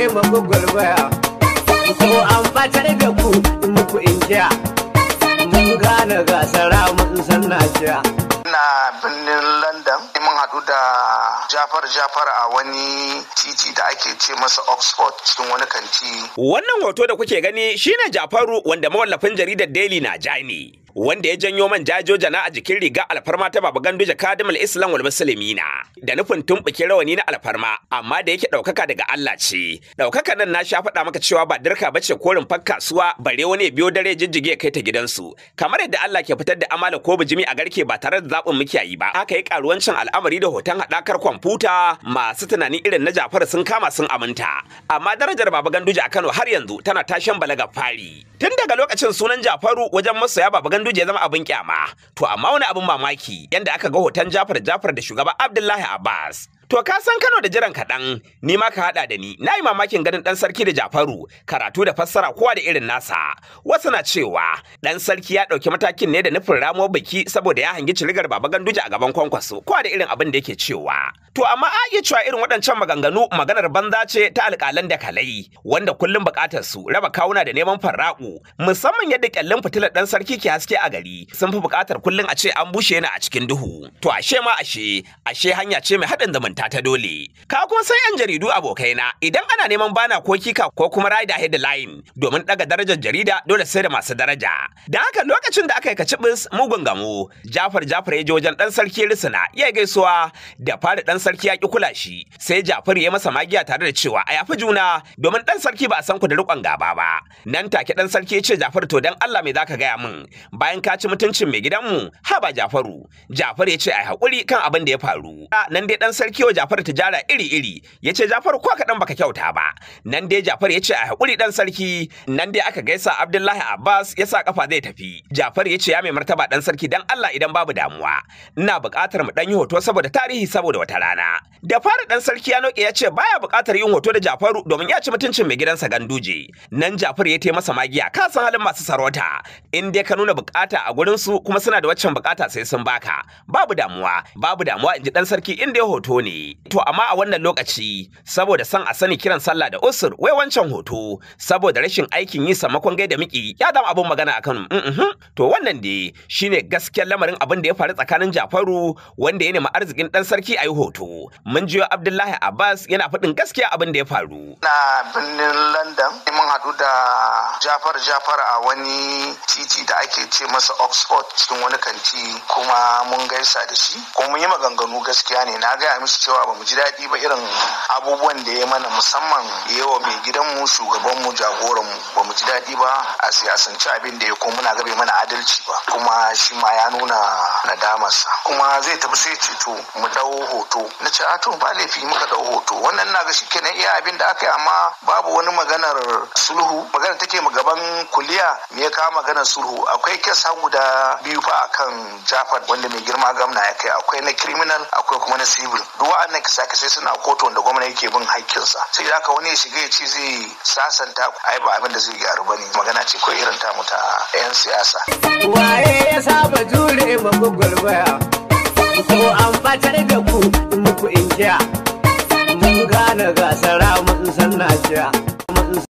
yi maku gwalbaya ko an fatar da ku in muku injiya mun gane gasara mun san najiya ina birnin london mun haɗu da jafar jafar a wani titi da ake ce masa oxford cikin wani kanti wannan hoto da kuke gani shine jafaru wanda mawallafin jaridar daily na ja ne. wanda ya janyo man jajojana a jikin riga alfarma ta baba gandu jakadimul islam wal muslimina da nufin tumbuke rawani na alfarma amma da yake daukaka daga Allah ce daukaka nan na sha faɗa maka cewa ba dirka bace korin fakkasuwa suwa, bare wani biyo dare jijjige kai ta gidansu kamar yadda Allah ke fitar da amala ko bijimi a garke ba tare da zaɓin mukiyayi ba aka yi karuwancin al'amari da hoton haɗakar kwamfuta masu tunani irin na Jafaru sun kama sun aminta amma darajar baba gandu a Kano har yanzu tana tashin balaga fari tun daga lokacin sunan Jafaru wajen masoya baba Ganduje ya zama abin kyama to amma wani abin mamaki yadda aka ga hoton Jafar Jafar da shugaba Abdullahi Abbas To ka san Kano da jiran kaɗan, ni ma ka haɗa da ni. Na yi mamakin ganin ɗan sarki da Jafaru, karatu da fassara kowa da irin nasa. Wasu na cewa ɗan sarki ya ɗauki matakin ne da nufin ramo biki saboda ya hangi ciligar Baba Ganduje a gaban kwankwaso, kowa da irin abin da yake cewa. To amma a iya cewa irin waɗancan maganganu maganar banza ce ta alƙalan da kalai, wanda kullum buƙatar su raba kawuna da neman farraƙu, musamman yadda ƙyallin fitilar ɗan sarki ke haske a gari, sun fi buƙatar kullum a ce an bushe ni a cikin duhu. To ashe ma ashe, ashe hanya ce mai haɗin zamanta. makaranta ta dole. Ka kuma san 'yan jaridu abokaina idan ana neman bana ko kika ko kuma rider headline domin daga darajar jarida dole sai da masu daraja. Da haka lokacin da aka yi kacibis mu gungamu Jafar Jafar ya je wajen dan sarki Risina ya gaisuwa da fara ɗan sarki ya ki kula shi sai Jafar ya masa magiya tare da cewa a yafi juna domin ɗan sarki ba a san ku da rukon gaba ba. Nan take ɗan sarki ya ce Jafar to dan Allah me zaka gaya min bayan ka ci mutuncin mai gidanmu ha ba Jafaru. Jafar ya ce a hakuri kan abin da ya faru. Nan dai dan sarki wa ta tijara iri-iri ya ce Jafaru ko kaɗan baka kyauta ba nan dai Jafaru ya ce a haƙuri ɗan sarki nan dai aka gaisa Abdullahi Abbas ya sa kafa zai tafi Jafaru ya ce ya mai martaba ɗan sarki dan Allah idan babu damuwa ina buƙatar mu ɗan yi hoto saboda tarihi saboda wata rana da fara ɗan sarki ya noke ya ce baya buƙatar yin hoto da Jafaru domin ya ci mutuncin mai gidansa Ganduje nan Jafaru ya masa magiya ka san halin masu sarauta in dai ka nuna buƙata a gurin su kuma suna da waccan buƙata sai sun baka babu damuwa babu damuwa in ji ɗan sarki in dai hoto ne to amma a wannan lokaci saboda san a sani kiran sallah da usur wai wancan hoto saboda rashin aikin yi samakon gaida miki ya dama abun magana akan mm-hmm. to wannan shi shine gaskiyar lamarin abin da ya faru tsakanin Jafaru wanda ya nemi arzikin dan sarki a yi hoto mun jiyo Abdullahi Abbas yana faɗin gaskiya abin da ya faru na birnin London mun haɗu da Jafar Jafar a wani titi da ake ce masa Oxford cikin wani kanti kuma mun gaisa da shi kuma mun yi maganganu gaskiya ne na gaya mishi cewa ba mu ji daɗi ba irin abubuwan da ya mana musamman yawa mai gidanmu shugabanmu jagoranmu ba mu ji daɗi ba a siyasance abin da ya ko muna gabe mana adalci ba kuma shi ma ya nuna nadamarsa kuma zai tafi sai ce to mu ɗau hoto na ce a to ba laifi muka ɗau hoto wannan na ga shi kenan iya abin da aka yi amma babu wani maganar sulhu magana take magana gaban kuliya me ya kawo maganar sulhu akwai kes guda biyu fa akan jafar wanda mai girma gwamna ya kai akwai na criminal akwai kuma na civil duk wa'annan kisa kisa suna kotu wanda gwamna yake bin hakkinsa sai da haka wani ya shiga ya ci zai sasanta ai ba abin da zai gyaru ba ne magana ce ko irin ta mu ta 'yan siyasa. waye ya saba jure ma ko an fatar da ku muku mun gane gasara mun san najiya.